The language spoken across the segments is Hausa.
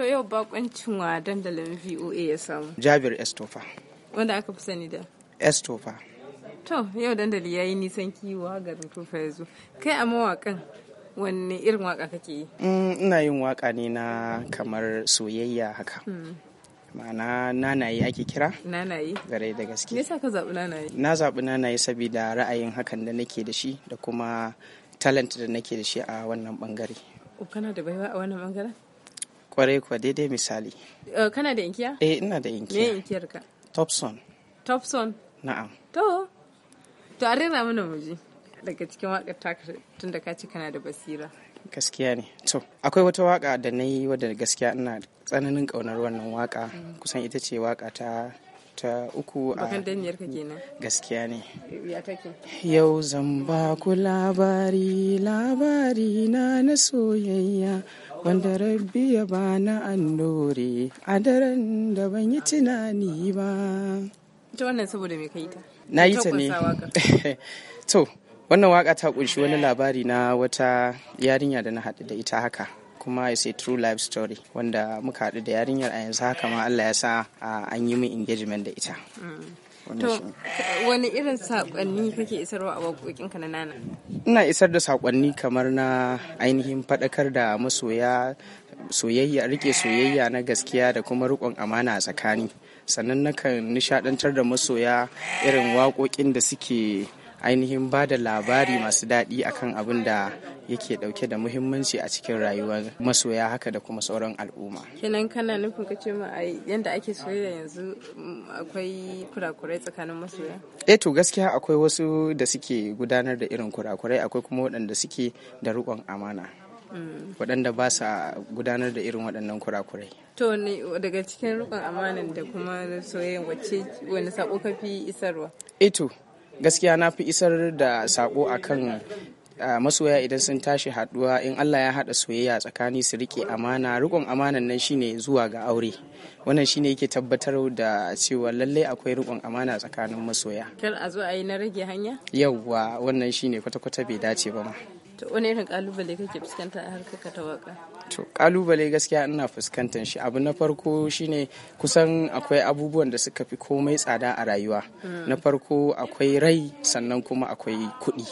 To yau bakoncin wa dandalin VOA ya samu. Jabir Estofa. Wanda aka fi sani da? Estofa. To yau dandali ya yi nisan kiwo a garin Tofa ya zo. Kai a mawakan wanne irin waka kake yi? Mm, ina yin waka ne na kamar soyayya haka. Hmm. ma'ana nanaye ake kira nanaye gare da gaske me ka zaɓi nanaye na zaɓi nanaye saboda ra'ayin hakan da nake da shi da kuma talent da nake da shi a wannan bangare kana da baiwa a wannan ɓangaren? Kwarai kuwa daidai misali. Eh, kana da inkiya? Eh ina da inkiya. Me inkiyar ka? Topson. Topson? Na'am. To, to a rera mana muji daga cikin waƙar taka tun da ka ce kana da basira. Gaskiya ne. To, akwai wata waka da na yi wadda gaskiya ina tsananin ƙaunar wannan waka kusan ita ce waka ta ta uku a gaskiya ne yau zan ba ku labari labari na na soyayya wanda rabbi ya bana annore a daren da ban yi tunani ba ita wannan saboda mai kai ta na yi ta ne to wannan waka ta kunshi wani labari na wata yarinya da na haɗu da ita haka kuma ya sai true life story wanda muka haɗu da yarinyar a yanzu haka ma Allah ya sa an yi min engagement da ita. Mm. wani irin saƙonni kake isarwa a waƙoƙinka na nana? ina isar da sakonni kamar na ainihin faɗakar da masoya soyayya rike soyayya na gaskiya da kuma rikon amana a tsakani sannan nakan nishadantar da masoya irin waƙoƙin da suke ainihin ba da labari masu daɗi akan abin da yake ɗauke da muhimmanci a cikin rayuwar masoya haka da kuma sauran al'umma. Kenan kana nufin ka ce yadda ake soyayya yanzu akwai kurakurai tsakanin masoya? Eh to gaskiya akwai wasu da suke gudanar da irin kurakurai akwai kuma waɗanda suke da riƙon amana. Mm. waɗanda ba sa gudanar da irin waɗannan kurakurai. To ne daga cikin riƙon amanan da kuma soyayya wacce wani sako kafi isarwa? Eh to. gaskiya na fi isar da sako a akan masoya idan sun tashi haduwa in Allah ya haɗa soyayya tsakani su rike amana rikon amanan nan shine zuwa ga aure wannan shine yake tabbatar da cewa lallai akwai rikon amana tsakanin masoya kar a zo a yi na rage hanya yauwa wannan shine kwata-kwata bai dace ba ma to wani irin kalubale kake fuskanta a harkar ta waka To kalubale gaskiya ina fuskantar shi abu na farko shine kusan akwai abubuwan da suka fi komai tsada a rayuwa. Hmm. Na farko akwai rai sannan kuma akwai kuɗi.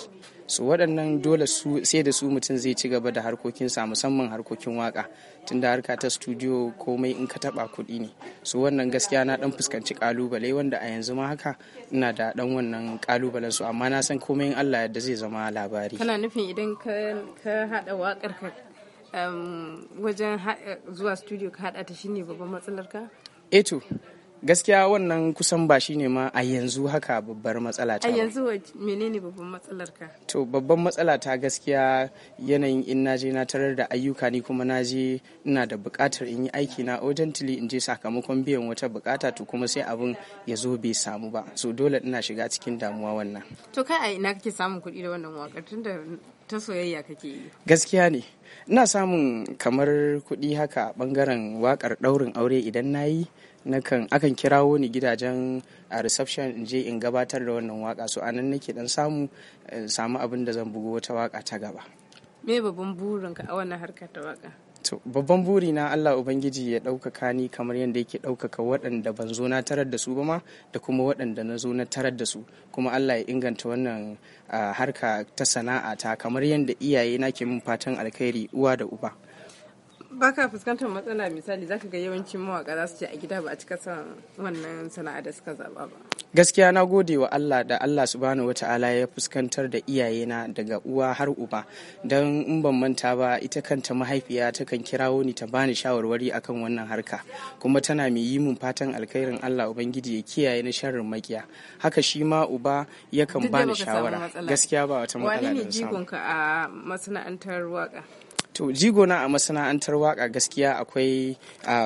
su waɗannan dole sai da su mutum zai ci gaba da harkokinsa musamman harkokin waka tunda harka ta studio komai in ka taba kuɗi ne su wannan gaskiya na dan fuskanci kalubale wanda a yanzu ma haka ina da dan wannan kalubalen su amma na san komai in Allah yadda zai zama labari kana nufin idan ka haɗa wakar ka wajen eh, zuwa studio ka haɗa ta ne babban matsalar ka? Eto, eh gaskiya wannan kusan ba shi ne ma a yanzu haka babbar matsala ta a yanzu menene babban matsalar ka to babban matsala ta gaskiya yanayin in na je na tarar da ayyuka ni kuma na je ina da bukatar in yi aiki na urgently in je sakamakon biyan wata bukata to kuma sai abin ya zo bai samu ba so dole ina shiga cikin damuwa wannan to kai a ina kake samun kuɗi da wannan tunda ta soyayya kake yi gaskiya ne ina samun kamar kuɗi haka a bangaren wakar ɗaurin aure idan na yi akan kirawo ni gidajen a reception in je in gabatar da wannan waka so anan nake dan samu samu abin da zan bugo wata waka ta gaba me babban burinka a wannan harkar ta waka To babban buri na Allah Ubangiji ya ɗaukaka ni kamar yadda yake ɗaukaka waɗanda ban zo na tarar da su ba ma da kuma waɗanda na zo na tarar da su kuma Allah ya inganta wannan ah, harka ta sana'a ta kamar yadda iyaye na ke min fatan alkhairi uwa da uba. baka fuskantar matsala misali zaka ga yawancin mawaka za su ce a gida ba a cika son wannan sana'a da suka zaba ba gaskiya na gode wa Allah da Allah subhanahu ala ya fuskantar da iyayena daga uwa har uba don in ban manta ba ita kanta mahaifiya ta kan kirawo ni ta bani shawarwari akan wannan harka kuma tana mai yi mun fatan alkhairin Allah ubangiji ya kiyaye na sharrin makiya haka shi ma uba yakan bani shawara gaskiya ba wata matsala da samu ne jigonka a masana'antar waka to jigona a masana'antar waka gaskiya akwai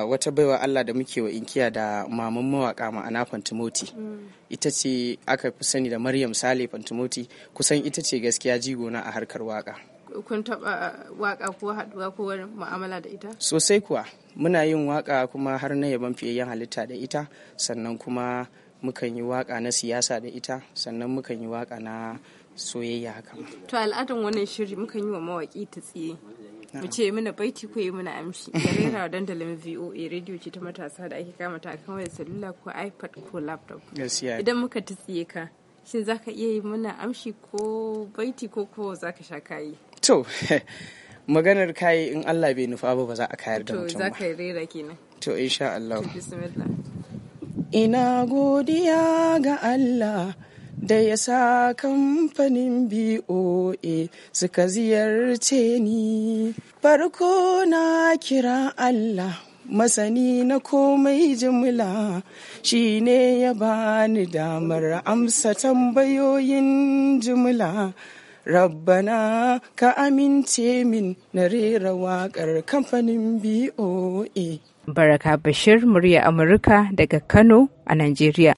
wata baiwa allah da muke wa inkiya da maman mawaka ma'ana fantimoti mm. ita ce aka fi sani da maryam sale fantimoti kusan ita ce gaskiya jigona a harkar waka kun taba waka ko haduwa ko wani mu'amala da ita sosai kuwa muna yin waka kuma har na yaban fiyayyen halitta da ita sannan kuma mukan yi waka na siyasa da ita sannan mukan yi waka na soyayya haka to al'adan wannan shiri mukan yi wa mawaki ta tsiye mu ce muna baiti ko yi muna amshi ya rera dandalin VOA radio ce ta matasa da ake kama ta kan wayar salula ko iPad ko laptop idan muka tsiye ka shin za ka iya yi muna amshi ko baiti ko ko ka sha kayi to maganar kayi in Allah bai nufa ba ba za a kayar da mutum ba to zaka rera kenan to insha Allah ina godiya ga Allah da ya sa kamfanin BOA suka ziyarce ni. Farko na kira Allah masani na komai jimla shi ne ya bani damar amsa tambayoyin jimla. Rabbana ka amince min na rera waƙar kamfanin BOA. Baraka Bashir murya Amurka daga Kano a Najeriya.